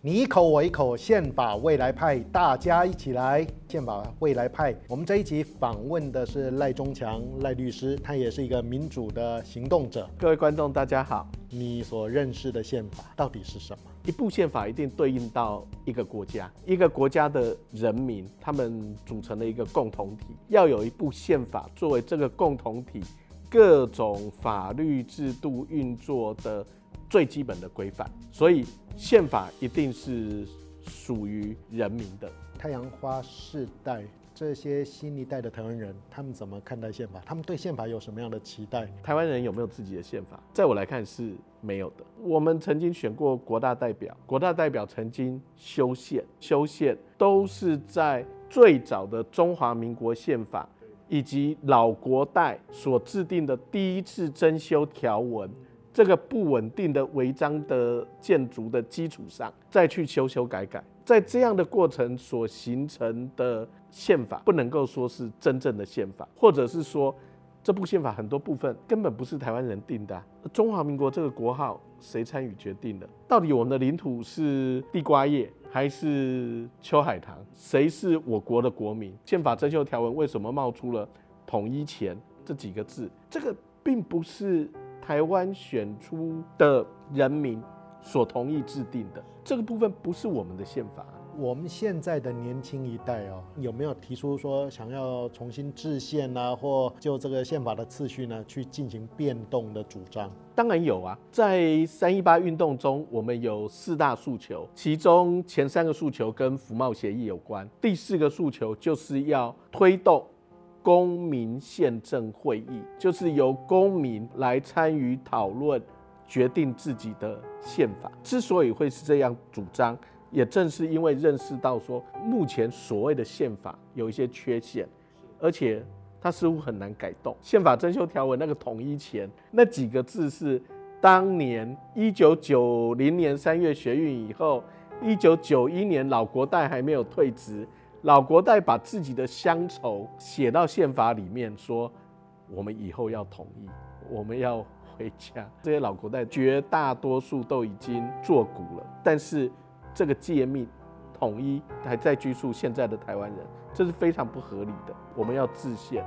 你一口我一口，憲法未來派，大家一起來，憲法未來派。我們這一集訪問的是賴中強、嗯、賴律師，他也是一個民主的行動者。各位觀眾，大家好。你所認識的憲法到底是什麼？一部憲法一定對應到一個國家，一個國家的人民，他們組成了一個共同體，要有一部憲法作為這個共同體各種法律制度運作的最基本的規範，所以憲法一定是屬於人民的。太陽花世代這些新一代的台灣人，他們怎麼看待憲法？他們對憲法有什麼樣的期待？台灣人有沒有自己的憲法？在我來看是沒有的。我們曾經選過國大代表，國大代表曾經修憲，修憲都是在最早的中華民國憲法以及老國代所制定的第一次增修條文，這個不穩定的違章的建築的基礎上，再去修修改改，在這樣的過程所形成的憲法，不能夠說是真正的憲法，或者是說，這部憲法很多部分根本不是台灣人定的啊。中華民國這個國號誰參與決定的？到底我們的領土是地瓜葉還是秋海棠？誰是我國的國民？憲法增修條文為什麼冒出了“統一前”這幾個字？這個並不是。台灣選出的人民所同意制定的這個部分，不是我們的憲法啊。我們現在的年輕一代哦，有沒有提出說想要重新制憲啊，或就這個憲法的次序呢，去進行變動的主張？當然有啊，在三一八運動中，我們有四大訴求，其中前三個訴求跟服貿協議有關，第四個訴求就是要推動。公民憲政會議，就是由公民來參與討論，決定自己的憲法。之所以會是這樣主張，也正是因為認識到說，目前所謂的憲法有一些缺陷，而且它似乎很難改動。憲法增修條文那個統一前那幾個字是當年一九九零年三月學運以後，一九九一年老國代還沒有退職。老國代把自己的鄉愁寫到憲法裡面，說我們以後要統一，我們要回家。這些老國代絕大多數都已經作古了，但是這個誡命統一還在拘束現在的台灣人，這是非常不合理的。我們要制憲，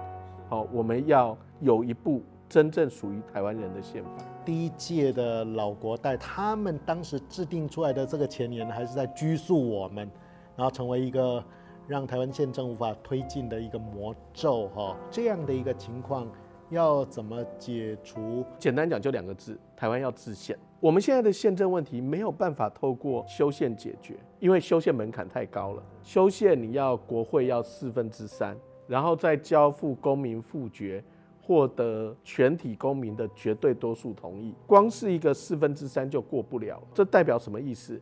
好，我們要有一部真正屬於台灣人的憲法。第一屆的老國代，他們當時制定出來的這個前言還是在拘束我們，然後成為一個讓台灣憲政無法推進的一個魔咒，哈，這樣的一個情況，要怎麼解除？簡單講，就兩個字：台灣要制憲。我們現在的憲政問題沒有辦法透過修憲解決，因為修憲門檻太高了。修憲你要國會要四分之三，然後再交付公民複決，獲得全體公民的絕對多數同意。光是一個四分之三就過不了，這代表什麼意思？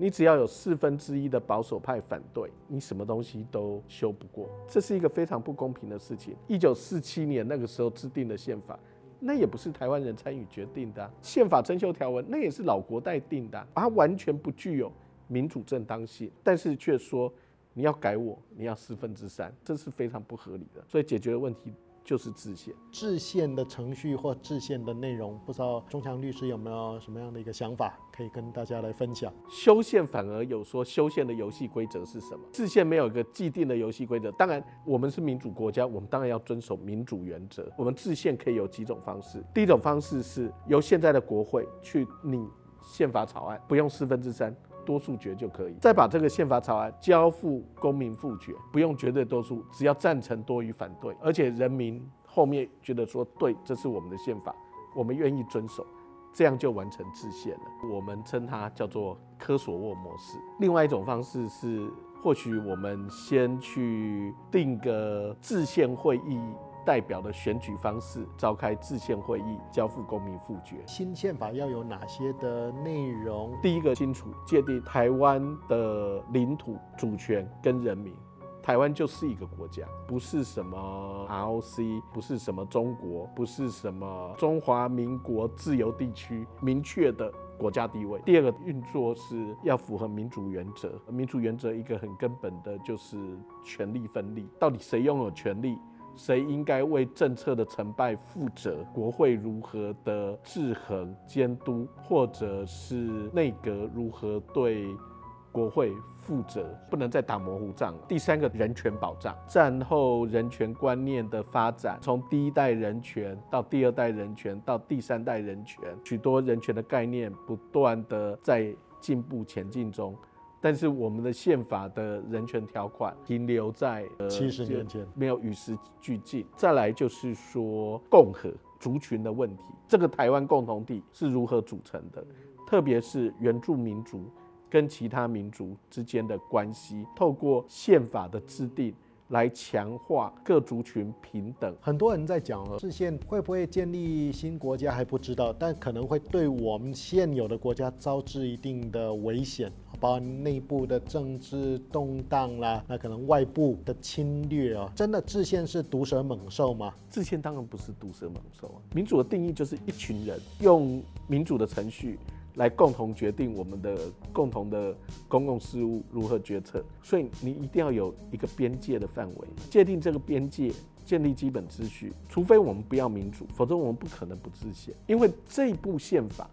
你只要有四分之一的保守派反對，你什麼東西都修不過。這是一個非常不公平的事情。一九四七年那個時候制定的憲法，那也不是台灣人參與決定的、啊。憲法增修條文那也是老國代定的、啊，它完全不具有民主正當性。但是卻說你要改我，你要四分之三，這是非常不合理的。所以解決的問題。就是制憲，制憲的程序或制憲的內容，不知道中強律師有沒有什麼樣的一個想法可以跟大家來分享？修憲反而有說修憲的遊戲規則是什麼？制憲沒有一個既定的遊戲規則。當然，我們是民主國家，我們當然要遵守民主原則。我們制憲可以有幾種方式，第一種方式是由現在的國會去擬憲法草案，不用四分之三。多數決就可以，再把這個憲法草案交付公民複決，不用絕對多數，只要贊成多於反對，而且人民後面覺得說，對，這是我們的憲法，我們願意遵守，這樣就完成制憲了。我們稱它叫做科索沃模式。另外一種方式是，或許我們先去定個制憲會議。代表的選舉方式，召開制憲會議，交付公民複決。新憲法要有哪些的內容？第一個，清楚界定台灣的領土主權跟人民，台灣就是一個國家，不是什麼 ROC，不是什麼中國，不是什麼中華民國自由地區，明確的國家地位。第二個運作是要符合民主原則，民主原則一個很根本的就是權力分立，到底誰擁有權力？誰應該為政策的成敗負責？國會如何的制衡監督，或者是內閣如何對國會負責？不能再打模糊仗了。第三個人權保障，戰後人權觀念的發展，從第一代人權到第二代人權到第三代人權，許多人權的概念不斷地在進步前進中。但是我們的憲法的人權條款停留在呃七十年前，沒有與時俱進。再來就是說，共和族群的問題，這個台灣共同體是如何組成的，特別是原住民族跟其他民族之間的關係，透過憲法的制定，來強化各族群平等，很多人在講啊，制憲會不會建立新國家還不知道，但可能會對我們現有的國家招致一定的危險，包括內部的政治動盪啦、啊，那可能外部的侵略啊，真的制憲是毒蛇猛獸嗎？制憲當然不是毒蛇猛獸啊，民主的定義就是一群人用民主的程序。來共同決定我們的共同的公共事務如何決策，所以你一定要有一個邊界的範圍界定，這個邊界建立基本秩序。除非我們不要民主，否則我們不可能不制憲，因為這一部憲法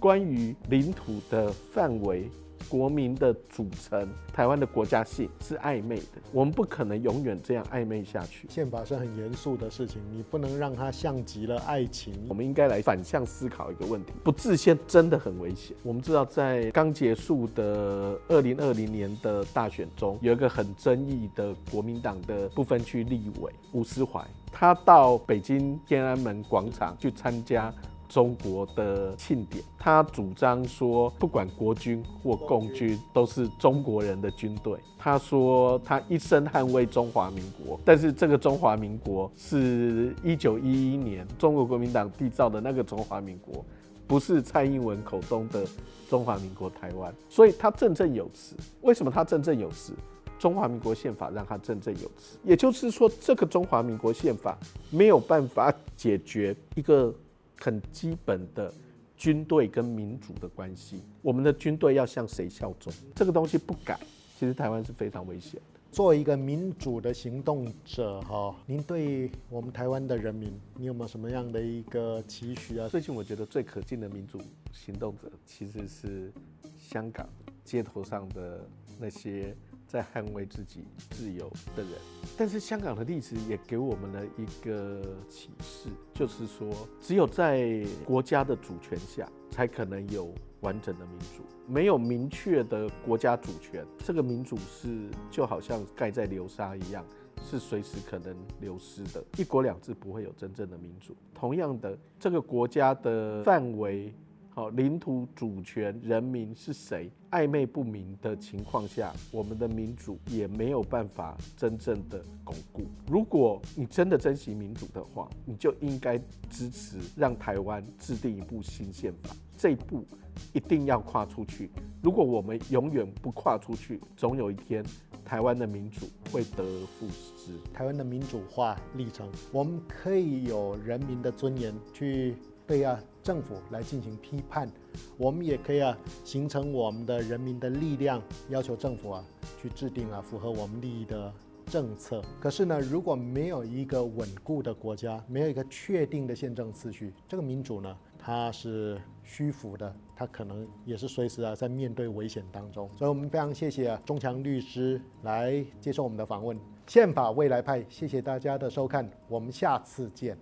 關於領土的範圍。國民的組成，台灣的國家性是曖昧的，我們不可能永遠這樣曖昧下去。憲法是很嚴肅的事情，你不能讓它像極了愛情。我們應該來反向思考一個問題：不自信真的很危險。我們知道，在剛結束的二零二零年的大選中，有一個很爭議的國民黨的部分區立委吳思懷，他到北京天安門廣場去參加中國的慶典，他主張說，不管國軍或共軍，都是中國人的軍隊。他說，他一生捍衛中華民國，但是這個中華民國是一九一一年中國國民黨締造的那個中華民國，不是蔡英文口中的中華民國台灣。所以，他振振有詞。為什麼他振振有詞？中華民國憲法讓他振振有詞。也就是說，這個中華民國憲法沒有辦法解決一個。很基本的軍隊跟民主的關係，我們的軍隊要向誰效忠？這個東西不改，其實台灣是非常危險。作為一個民主的行動者哈，您對我們台灣的人民，你有沒有什麼樣的一個期許啊？最近我覺得最可敬的民主行動者，其實是香港街頭上的那些在捍衛自己自由的人，但是香港的歷史也給我們了一個啟示，就是說，只有在國家的主權下，才可能有完整的民主。沒有明確的國家主權，這個民主是就好像蓋在流沙一樣，是隨時可能流失的。一國兩制不會有真正的民主。同樣的，這個國家的範圍。好，領土主權、人民是誰，曖昧不明的情況下，我們的民主也沒有辦法真正的鞏固。如果你真的珍惜民主的話，你就應該支持讓台灣制定一部新憲法，這一步一定要跨出去。如果我們永遠不跨出去，總有一天台灣的民主會得而復失。台灣的民主化歷程，我們可以有人民的尊嚴去備案政府來進行批判，我們也可以啊形成我們的人民的力量，要求政府啊去制定啊符合我們利益的政策。可是呢，如果沒有一個穩固的國家，沒有一個確定的憲政秩序，這個民主呢，它是虛浮的，它可能也是隨時啊在面對危險當中。所以我們非常謝謝啊中強律師來接受我們的訪問。憲法未來派，謝謝大家的收看，我們下次見。